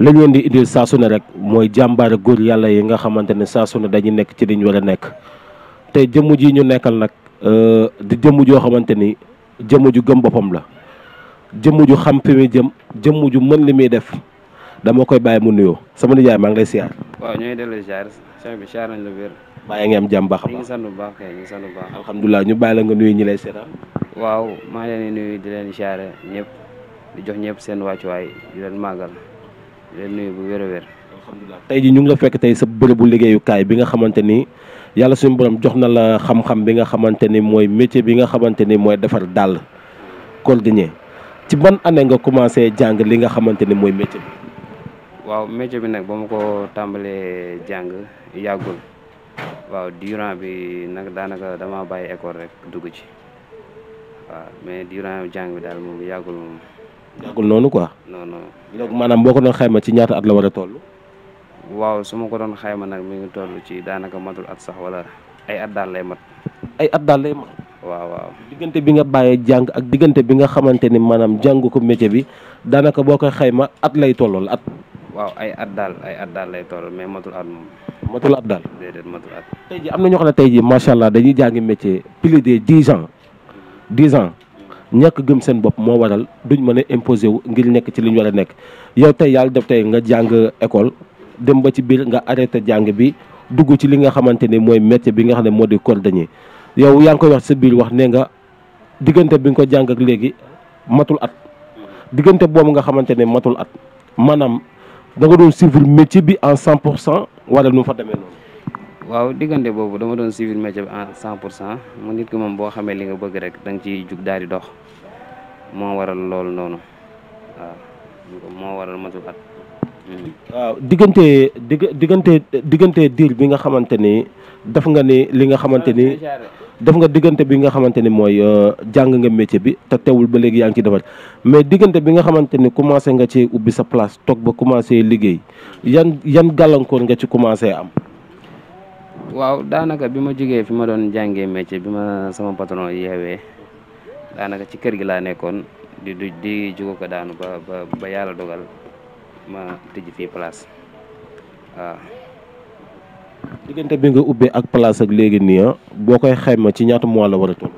lañ leen di indil saa su rek mooy jàmbaar góor yàlla yi nga xamante ne saa su dañuy nekk ci liñ war a nekk te jëmm ji ñu nekkal nag euh, di jëmm joo xamante ni jëmm ju gëm boppam la jëmm ju xam fi muy jëm jëmm ju mën li muy def dama koy bàyyi mu nuyoo sama nijaay maa ngi lay siyaar. waaw ñooy delloo siyaar sëñ bi la wér. bàyyi ngi am jàmm baax a baax ñu ngi bu baax kay ñu ngi sant ñu bàyyi la nga nuyu ñi lay seetaan. waaw maa ngi leen di nuyu di leen siyaare ñëpp di jox ñëpp seen wàccuwaay di leen màggal leen nuyu bu wér tey ji ñu ngi la fekk tey sa bërëbu liggéeyukaay bi nga xamante ni yàlla suñu borom jox na la xam-xam bi nga xamante ni mooy métier bi nga xamante ni mooy defar dàll cordonnier ci ban année nga commencé jàng li nga xamante ni mooy métier waaw métier bi nag ba ma ko tàmbalee jàng yàggul waaw durant bi nag daanaka dama bàyyi école rek dugg ci waaw mais durant jàng bi daal moom yàggul moom yàggul noonu quoi. non non donc maanaam boo ci ñaata at la war a toll. waaw su ma ko doon xayma nag mi ngi toll ci daanaka matul at sax wala at daal lay mat. ay at daal waaw diggante bi nga bàyyee jàng ak diggante bi nga xamante ni maanaam jàng ko métier bi daanaka boo koy xayma at lay tollool at. waaw ay at daal ay at daal lay toll mais matul at moom. matul at daal déedéet matul am na ñoo xam ne tey jii macha allah dañuy jàngi métier plus de dix ans dix ans ñàkk gëm seen bopp moo waral duñ mën a imposé wu ngir nekk ci li ñu war a nekk yow tey yàlla def tey nga jàng école dem ba ci biir nga arrêté jàng bi dugg ci li nga xamante ni mooy métier bi nga xam ne moo di cordonnier yow yaa ngi koy wax sa biir wax nee nga diggante bi nga ko jàng ak léegi matul at diggante boobu nga xamante ne matul at maanaam da nga doon suivre métier bi en cent pour cent wala nu fa demee noonu waaw diggante boobu dama doon suivre métier bi en cent pour cent mu nit ki moom boo xamee li nga bëgg rek danga nga jug daal di dox moo waral lool noonu waaw moo waral matul at. waaw diggante diggante diggante diir bi nga xamante ni def nga ni li nga xamante ni def nga diggante bi nga xamante ni mooy euh, jàng nga métier bi te teewul ba léegi yaa ngi ci defar mais diggante bi nga xamante ni commencé nga ci ubbi sa place toog ba commencé liggéey yan yan gàllankoor nga ci commencé am. waaw daanaka bi ma jugee fi ma doon jàngee métier bi ma sama patron yeewee daanaka ci kër gi laa nekkoon di di jugu ko daanu ba ba ba yàlla dogal ma tëj fii place waaw. diggante bi nga ubbee ak place ak léegi nii boo koy xayma ci ñaata moo la war a toll.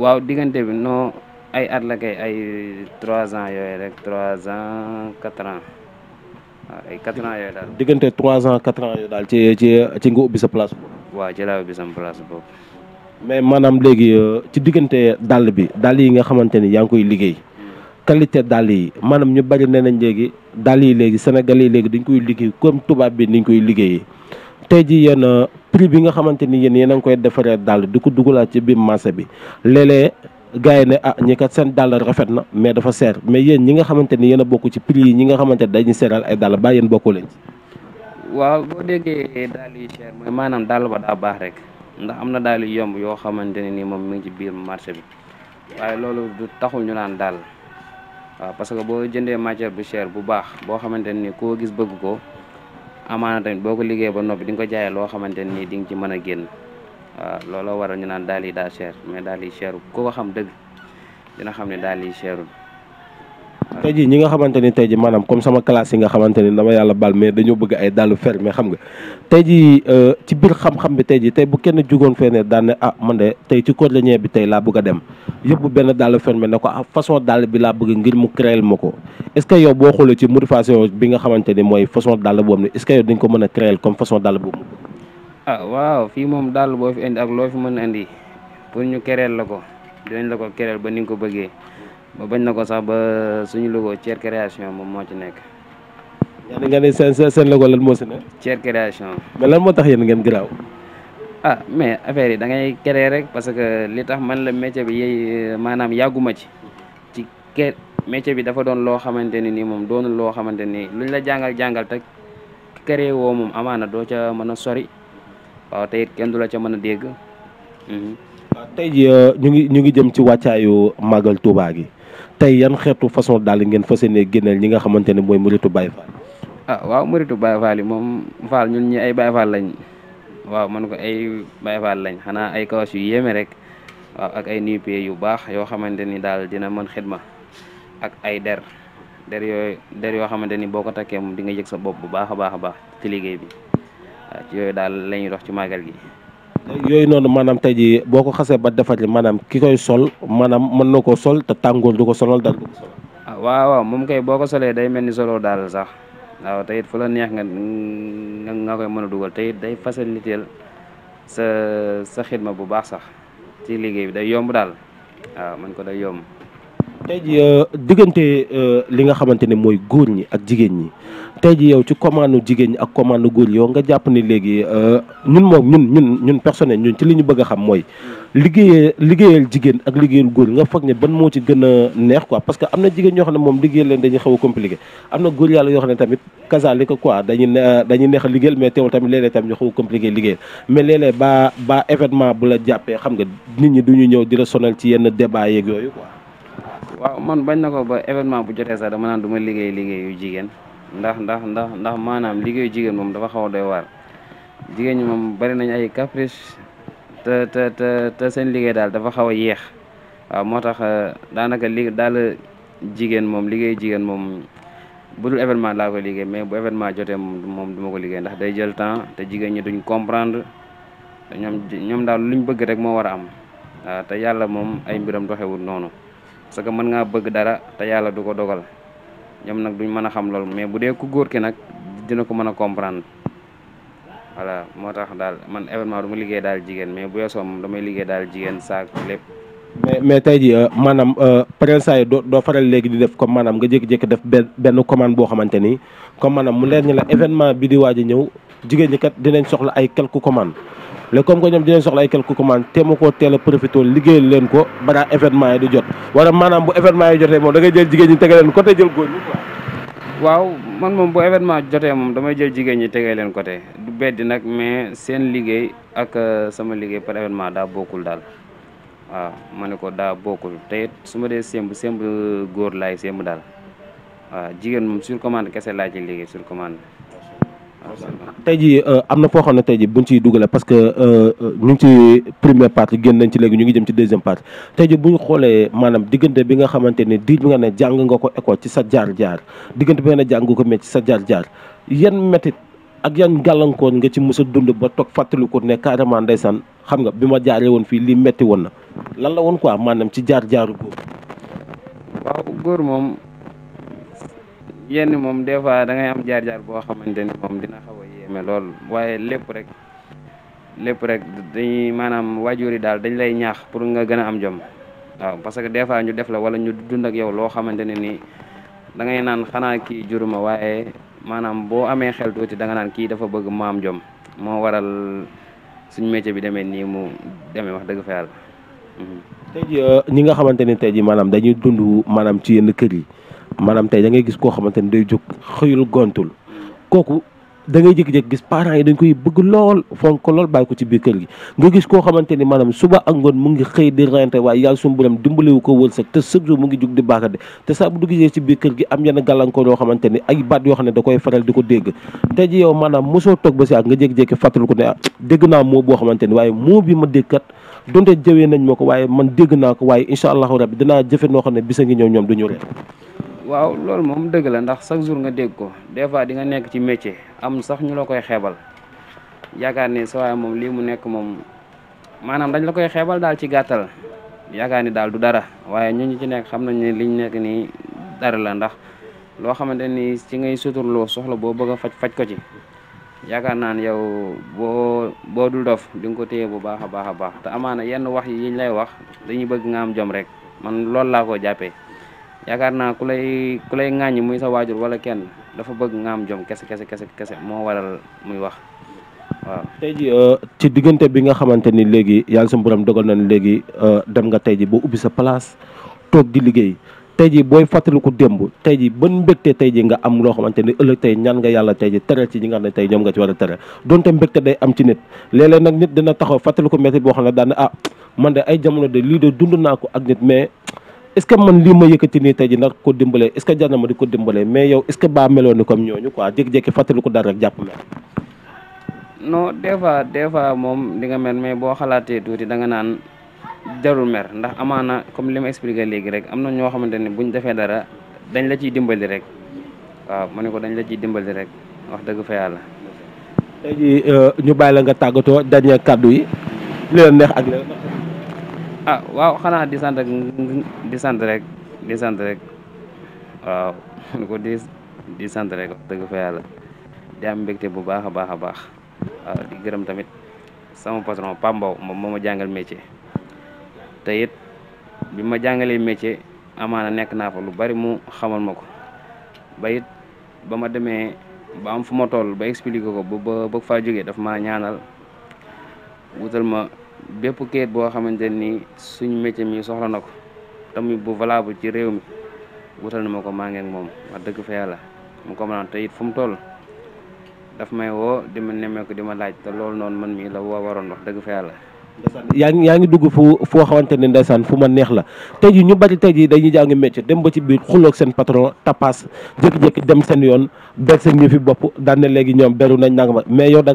waaw diggante bi noo ay at la kay ay trois ans yooyu rek trois ans quatre ans. waaw ay quatre daal. diggante trois ans quatre ans yooyu daal ci ci ci nga ubbi sa place boobu. waaw ci laa mais maanaam léegi euh, ci diggante dàll bi dàll yi nga xamante ni yaa ngi koy liggéey. qualité dàll yi maanaam ñu bari nee nañ léegi dàll yi léegi Sénégal yi léegi dañ koy liggéey comme tubaab bi niñ koy liggéeyee te ji yéen euh, prix bi nga xamante ni yéen yéen a ngi koy defaree dàll di ko dugalaat ci biir marché bi léeg gars yi ne ah ñi kat seen dàll rafet na mais dafa seer mais yéen ñi xamante ni yéen a bokk ci prix yi ñi nga xamante ne dañuy seeral ay dàll ba yéen bokkoo leen waaw boo déggee daal yu cher mooy maanaam dàll ba daa baax rek ndax am na daal yu yomb yoo xamante ne ni moom mu ngi ci biir marché bi waaye loolu du taxul ñu naan daal waaw parce que boo jëndee matière bu cher bu baax boo xamante ne ni koo gis bëgg ko amaana boo ko liggéey ba noppi di nga ko jaayee loo xamante nii ni di nga ci mën a génn. waaw looloo waral ñu naan daal yi daa cher mais daal yi cherul ku ko xam dëgg dina xam ne daal yi cherul. tey jii ñi nga xamante ni tey jii maanaam comme sama classe yi nga xamante ni dama yàlla bal mais dañoo bëgg ay dàllu fermé xam nga tey jii euh, ci biir xam-xam bi tey jii tey bu kenn jugoon fee ne daan ah man de tey ci cordonnier bi tey laa bëgg a dem yëpp benn dàllu fermé ne ko ah façon dàll bi laa bëgg ngir mu créel ma ko est yow boo xoolee ci modification bi nga xamante ni mooy façon dàll boobu ni mën a créel comme façon dàll boobu ah waaw fii moom dàll boo fi indi ak loo fi mën a indi pour ñu kereel la ko dinañ la ko kereel ba ni ko bëggee ba bañ na ko sax ba suñu logo Thier création moom moo ci nekk. yaa nga ne seen seen logo moo si ne. Thier création. moo tax yéen ngeen garaaw. ah mais affaire yi da ngay créer rek parce que li tax man la métier bi yey maanaam yàgguma ci ci ke métier bi dafa doon loo xamante ni nii moom doonul loo xamante ni luñ la jàngal jàngal te créer moom amaana doo ca mën a sori. waaw te kenn du la ca mën a dégg. Mhm. Ah, tey euh, ñu ngi ñu ngi jëm ci wàccaayu màggal Touba gi tey yan xeetu façon daal ngeen fa yéene génneel ñi nga xamante ne mooy muritu Baye Fall. ah waaw muritu Baye Fall yi moom Fall ñu ñi ay Baye Fall lañ waaw man ko ay Baye lañ xanaa ay kawas yu yéeme rek waaw ak ay nuyu yu baax yoo xamante ni daal dina mën ma ak ay der der yooyu der yoo xamante ni boo ko takkee moom di nga yëg sa bopp bu baax a baax a baax ci liggéey bi. yooyu daal la dox ci màggal gi. yooyu noonu maanaam tey jii boo ko xasee ba defar maanaam ki sol maanaam mën na koo sol te tàngoor du ko solal dal du ah, waaw moom kay boo ko solee day mel ni solo daal sax waaw te it la neex nga nga koy mën a dugal te it day faciliter sa sa xidma bu baax sax ci liggéey bi day yomb daal waaw man ko day yomb. tey ji euh, diggante euh, li nga xamante ne mooy góor ñi ak jigéen ñi tey ji yow ci commande jigéen ñi ak commande góor yow nga jàpp ni léegi euh, ñun moom ñun ñun ñun personnel ñun ci li ñu bëgg xam mooy liggéeyee liggéeyal jigéen ak liggéeyal góor nga foog ne ban moo ci gën a neex ko parce que am na jigéen ñoo xam ne moom liggéeyal leen dañuy xaw a compliqué am na góor yàlla yoo xam ne tamit kasaalika ko dañuy dañuy neex a liggéeyal mais teewul tamit léeg-léeg tamit ñu xaw a compliqué liggéeyal mais léeg-léeg ba ba bu la jàppee xam nga nit ñi duñu ñëw di la ci yenn débat yeeg waaw man bañ na ko ba événement bu jotee sax dama naan du liggéey liggéeyu jigéen ndax ndax ndax ndax maanaam liggéeyu jigéen moom dafa xaw a doy jigéen ñi moom bari nañ ay caprice te seen liggéey daal dafa xaw a yéex waaw moo tax euh, daanaka li daal jigéen moom liggéey jigéen moom bu événement laa ko liggéey mais bo événement jotee moom du ko liggéey ndax day jël temps te jigéen ñi duñ comprendre ñoom ñoom daal luñ bëgg rek moo war a am waaw te yàlla moom ay mbiram doxewul noonu parce que mën ngaa bëgg dara te yàlla du ko dogal ñoom nag duñ mën a xam loolu mais bu dee ku góor ki nag dina ko mën a comprendre voilà moo tax daal man événement du ma liggéey daal jigéen mais bu yesoo moom damay liggéey daal jigéen saak lépp mais mais tey jii euh, maanaam euh, pare saa yi doo doo léegi di def comme maanaam nga jékki-jékki def benn benn commande boo xamante ni comme maanaam mu leer la événement bi di a ñëw jigéen ñi kat dinañ soxla ay quelques commandes. léegi comme que ñoom dinañ soxla ay quelques commandes téema teel a profité liggéeyal ko balaa événement yi di jot wala maanaam bu événement yi jotee moom da ngay jël jigéen ñi tege leen côté waaw man moom bu événement jotee moom damay jël jigéen ñi tege leen côté du beddi nag mais seen liggéey ak euh, sama liggéey par événement daa bokkul daal. waaw ma ne ko daa bokkul te it ma dee semb semb góor laay semb daal waaw jigéen moom sur commande kese laa ji liggéey sur commande. tey jii euh, am na foo xam ne tey jii buñ ciy dugalee parce que euh, euh, ñu ngi ci première partie génn nañ ci léegi ñu ngi jëm ci deuxième partie tey jii bu ñu xoolee maanaam diggante bi nga xamante ne diir bi nga ne jàng nga ko école ci sa jaar jaar diggante bi nga ne jàng nga ko métti ci sa jaar jaar yan métit ak yan gàllankoor nga ci mos a dund ba toog fàttaliku ne carrément ndeysaan xam nga bi ma jaaree woon fii lii metti woon na lan la woon quoi maanaam ci jaar jaaru góor. góor moom yenn moom des fois da ngay am jaar jaar boo xamante ni moom dina xaw a yéeme lool waaye lépp rek lépp rek dañuy maanaam waajur yi daal dañ lay ñaax pour nga gën a am jom. waaw parce que des fois ñu def la wala ñu dund ak yow loo xamante ne ni da naan xanaa kii juruma waaye. maanaam boo amee xel tuuti da nga naan kii dafa bëgg maam jom moo waral suñ métier bi demee nii mu demee wax dëgg fa yàlla. Mhm. tey jii euh, nga xamante ne tey jii maanaam dañuy dund maanaam ci yenn kër yi maanaam tey da ngay gis koo xamante ni day jóg xëyul gontul mhm. kooku. dangay ngay jékki gis parents yi dañ koy bëgg lool fonk lool bàyyi ko ci biir kër gi nga gis koo xamante ni maanaam suba ak ngoon mu ngi xëy di rente waaye yàlla suñu borom dimbaliwu ko wërsëg te chaque mu ngi jug di baax de te saa bu duggee ci biir kër gi am yenn gàllankoor yoo xamante ni baat yoo xam ne da koy faral di ko dégg te ji yow maanaam mosoo toog ba si ak nga jékki-jékki fàttali ko ne ah dégg naa moo boo xamante ni waaye moo bi ma dégkat donte jëwee nañ ma ko waaye man dégg naa ko waaye incha allahu rabbi danaa jëfe noo xam ne bisa ngi ñëw ñoom du ñu ree waaw loolu moom dëgg la ndax chaque jour nga dégg ko des fois di nga nekk ci métier am sax ñu la koy xeebal yaakaar ni sa moom lii mu nekk moom maanaam dañ la koy xebal daal ci gàttal yaakaar ni daal du dara waaye ñu ñu ci nekk xam nañ ne liñ nekk nii dara la ndax loo xamante ni ci ngay suturloo soxla boo bëgg a faj faj ko ci yaakaar naa ne yow boo boo dul dof di nga ko téye bu baax a baax a baax te amaana yenn wax yi yiñ lay wax dañuy bëgg nga am jom rek man loolu laa ko jàppee. yaakaar naa ku lay ku lay ŋàññi muy sa waajur wala kenn dafa bëgg nga am jom kese kese kese kese moo waral muy wax waaw. tey ji euh, ci diggante bi nga xamante ni léegi yàlla sa borom dogal na nañ léegi euh, dem nga tey ji ba ubbi sa place toog di liggéey. tey jii booy fàttaliku démb tey jii ban mbégte tey jii nga am xamante ni ëllëg tey ñaan nga yàlla tey jii teral ci ñi nga xam ne tey ñoom nga ci war a teral donte mbégte day am ci nit léeg-léeg nag nit dina taxaw fàttaliku métti boo xam ne daan ah man de ay jamono de lii de dund naa ko ak nit mais est-ce que man lii ma yëkkati nii ji ndax ko dimbalee est-ce que jar na di ko ñooñu quoi jékki-jékki fàttali ko dara jàpp mel non des fois des fois moom di nga mel mais boo xalaatee tuuti danga naan jarul mer ndax amaana comme li ma expliqué léegi rek am na ñoo xamante ne buñ defee dara dañ la ciy dimbali rek waaw ma ne ko dañ la ciy dimbali rek wax dëgg fa yàlla. tey jii euh, ñu bàyyi la nga tàggatoo dernier kàddu yi leen neex ak leen. ah waaw xanaa di sant rek di sant rek di sant rek waaw ñu ko di di sant rek wax dëgg fa yàlla di am mbégte bu baax a baax a baax waaw ah, di gërëm tamit sama patron Pape Mbow moom moo ma jàngal métier te it bi ma jàngalee métier amaana nekk naa fa lu bari mu xamal ma ko ba it ba ma demee ba am fu ma toll ba expliqué ko ba ba bëgg faa jógee daf ma ñaanal wutal ma bépp kayit boo xamante ni suñ métier mi soxla na ko tamit bu valable ci réew mi wutal na ma ko maa ngi moom wax dëgg fa yàlla mu ko mën te it fu mu toll daf may woo di ma nemmeeku di ma laaj te loolu noon man mii la woo waroon wax dëgg fa yàlla yaa ngi yaa ngi dugg fu foo xamante ne ndeysaan fu ma neex la tey ñu bari tey ji dañuy jàng métier dem ba ci biir xuloog seen patron tapas yoon beeg seen ñu fi bopp daan ne léegi ñoom beru nañ nanga ma mais yow da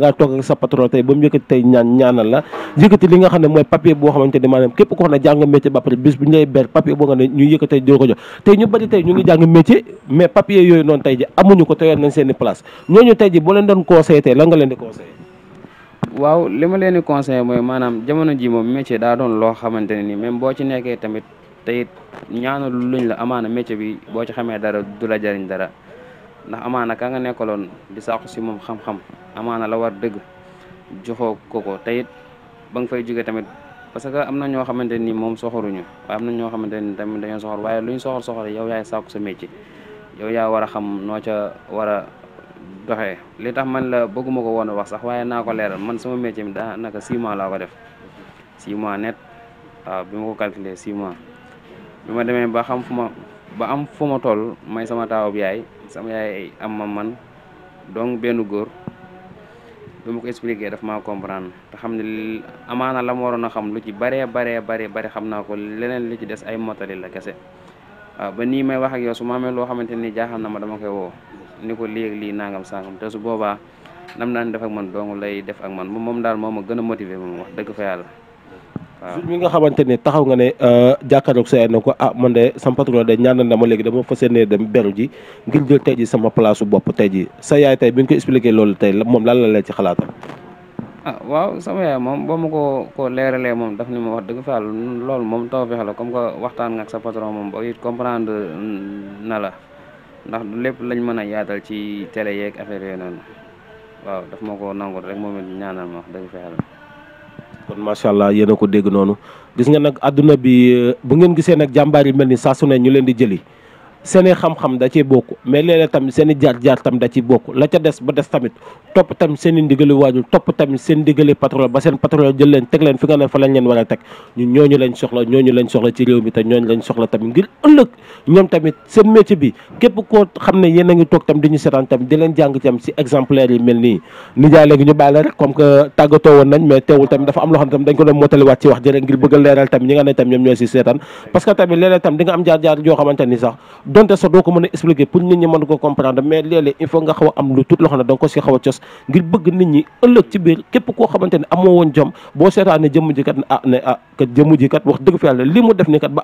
ne mooy papier boo xamante ne maanaam képp ko xam ne tey doo ko ngi jàng métier mais papier yooyu noonu tey ji amuñu ko teyoon nañ seen i place ñooñu tey ji boo leen doon conseillé tey lan nga leen di conseillé waaw li ma leen di mooy maanaam jamono ji moom métier daa doon loo xamante ne ni même boo ci nekkee tamit teyit ñaanalu luñ la amaana métier bi boo ci xamee dara du la jariñ dara ndax amaana kaa nga nekkaloon di sàqu si moom xam-xam amaana la war dëgg joxoo ko ko teyit ba nga fay jóge tamit parce que am na ñoo xamante ni moom soxoruñu waaye am na ñoo xamante ni tamit dañoo soxor waaye luñ soxor soxor yow yaay sàkku sa métier yow yaa war a xam noo ca war a doxee li tax man la bëgguma ko woon wax sax waaye naa ko leeral man sama métier mi daanaka naka mois laa ko def 6 mois net bi ma ko calculé mois bi ma demee ba xam fu ma ba am fu ma toll may sama taawub yaay sama yaay am ma man donc benn góor bi ma ko expliqué def maa comprendre te xam ne amaana la ma waroon a xam lu ci bare baree baree bari xam naa ko leneen li ci des ay motali la kese waaw ba nii may wax ak yow su ma amee loo xamante ni jaaxal na ma dama koy woo ni ko lii ak lii nangam sangam te su boobaa nam naan def ak man dong lay def ak man moom daal moom ma gën a motiver moom wax dëgg fa yàlla waaw. mi nga xamante ne taxaw nga ne euh, jàkkaarloog sa yaay na ko ah man de sama patron de ñaanal na ma léegi dama fas yéenee dem beru ji ngir jël tey ji sama place su bopp tey ji sa yaay tey bi ko expliqué loolu tey moom lan la leen ci xalaatam. ah waaw sama moom boo ma ko ko leeralee moom daf ni ma wax dëgg loolu moom taw fexe la comme que waxtaan nga ak sa patron moom ba it comprendre na la ndax du lépp lañ mën a yaatal ci télé yeeg affaire yooyu noonu waaw daf ma ko nangul rek moom it ñaanal ma wax dëgg fa kon macha allah yéen a ko dégg noonu gis nga nag àdduna bi bu ngeen gisee nag jàmbaar yi mel ni saasu su ne ñu leen di jëli seen i xam-xam da ciy bokk mais léeg-léeg tamit seen jaar-jaar tam da ciy bokk la ca des ba des tamit topp tamit seen i ndigali waajur topp tamit seen ndigali patron ba seen patron jël leen teg leen fi nga ne fa lañ leen a teg ñun ñooñu lañ soxla ñooñu lañ soxla ci réew mi te ñooñu lañ tamit seen métier bi képp koo xam ne yéen a ngi toog tamit di leen jàng ci am si exemplaire yi mel nii nijaay léegi ñu bàyyi rek comme que woon nañ mais teewul tamit dafa am loo xam tamit dañ nga am jaar-jaar yoo xamante ni sax donte sax doo ko mën a expliquer pour nit ñi mën ko comprendre mais léeg il faut nga xaw am lu tuut loo xam danga ko si xaw cos ngir bëgg nit ñi ëllëg ci biir képp koo xamante ne amoo woon ah ah def ni kat ba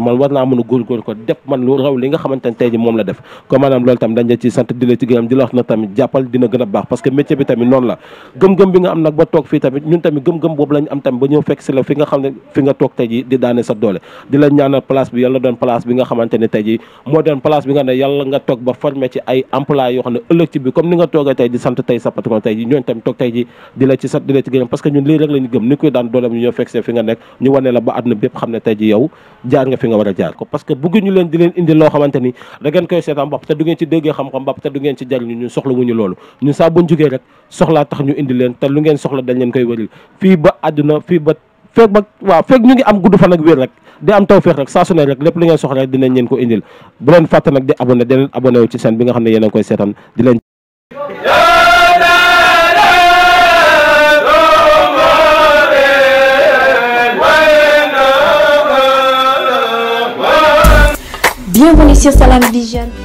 man war naa mën a góorgóor ko def man lu raw li nga xamante ne moom la def comme maanaam loolu tam dañ ci sant di ci gërëm di la na tamit jàppal dina gën baax parce que métier bi tamit noonu la gëm-gëm bi nga am nag ba toog fii tamit ji moo doon place bi nga ne yàlla nga toog ba formé ci ay employé yoo xam ne ëllëg ci bi comme ni nga toogee tey di sant tey sa patron tey ji ñooñu tamit toog tey ji di la ci sant parce que ñu leen di leen indi loo xamante ni da ngeen koy seetaan bopp te du ngeen ci déggee xam-xam bopp te du ngeen ci jariñu ñun soxla wuñu loolu ñun saa buñ rek soxlaa tax ñu indi leen te lu ngeen soxla dañ leen koy wëril fii ba àdduna fii ba feeg ba waaw feeg ñu ngi am gudd fan ak wér rek di am tawféex rek saa su ne rek lépp li ngeen soxla rek dinañ leen ko indil bu leen fàtte nag di abonné di leen abonné wu ci seen bi nga xam ne yéen a koy seetaan di leen Bienvenue sur Salam Vision.